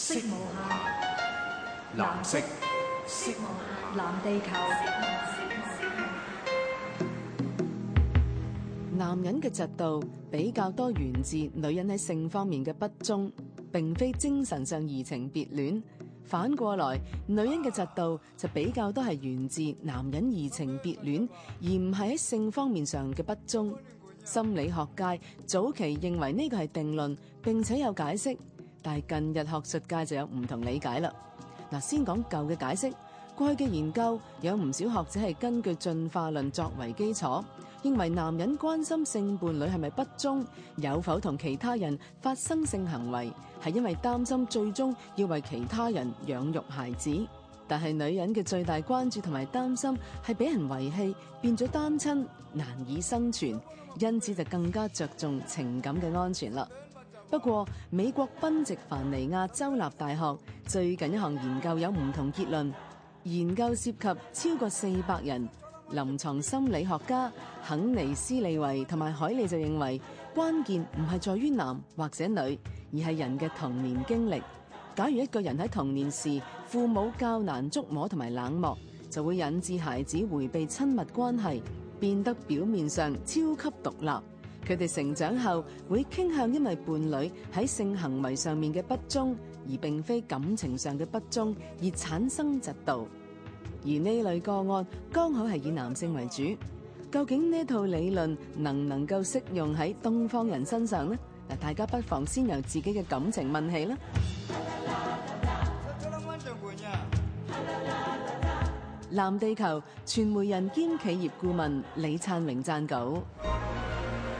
色無下，藍色色無下，下，藍地球。男人嘅嫉妒比較多源自女人喺性方面嘅不忠，並非精神上移情別戀。反過來，女人嘅嫉妒就比較多係源自男人移情別戀，而唔係喺性方面上嘅不忠。心理學界早期認為呢個係定論，並且有解釋。但係近日學術界就有唔同理解啦。嗱，先講舊嘅解釋，過去嘅研究有唔少學者係根據進化論作為基礎，認為男人關心性伴侶係咪不忠，有否同其他人發生性行為，係因為擔心最終要為其他人養育孩子。但係女人嘅最大關注同埋擔心係俾人遺棄，變咗單親，難以生存，因此就更加着重情感嘅安全啦。不過，美國賓夕凡尼亞州立大學最近一項研究有唔同結論。研究涉及超過四百人，臨床心理學家肯尼斯利維同埋海利就認為，關鍵唔係在於男或者女，而係人嘅童年經歷。假如一個人喺童年時父母較難捉摸同埋冷漠，就會引致孩子迴避親密關係，變得表面上超級獨立。佢哋成長後會傾向因為伴侶喺性行為上面嘅不忠，而並非感情上嘅不忠而產生嫉妒，而呢類個案剛好係以男性為主。究竟呢套理論能唔能夠適用喺東方人身上呢？嗱，大家不妨先由自己嘅感情問起啦。藍地球傳媒人兼企業顧問李燦榮讚稿。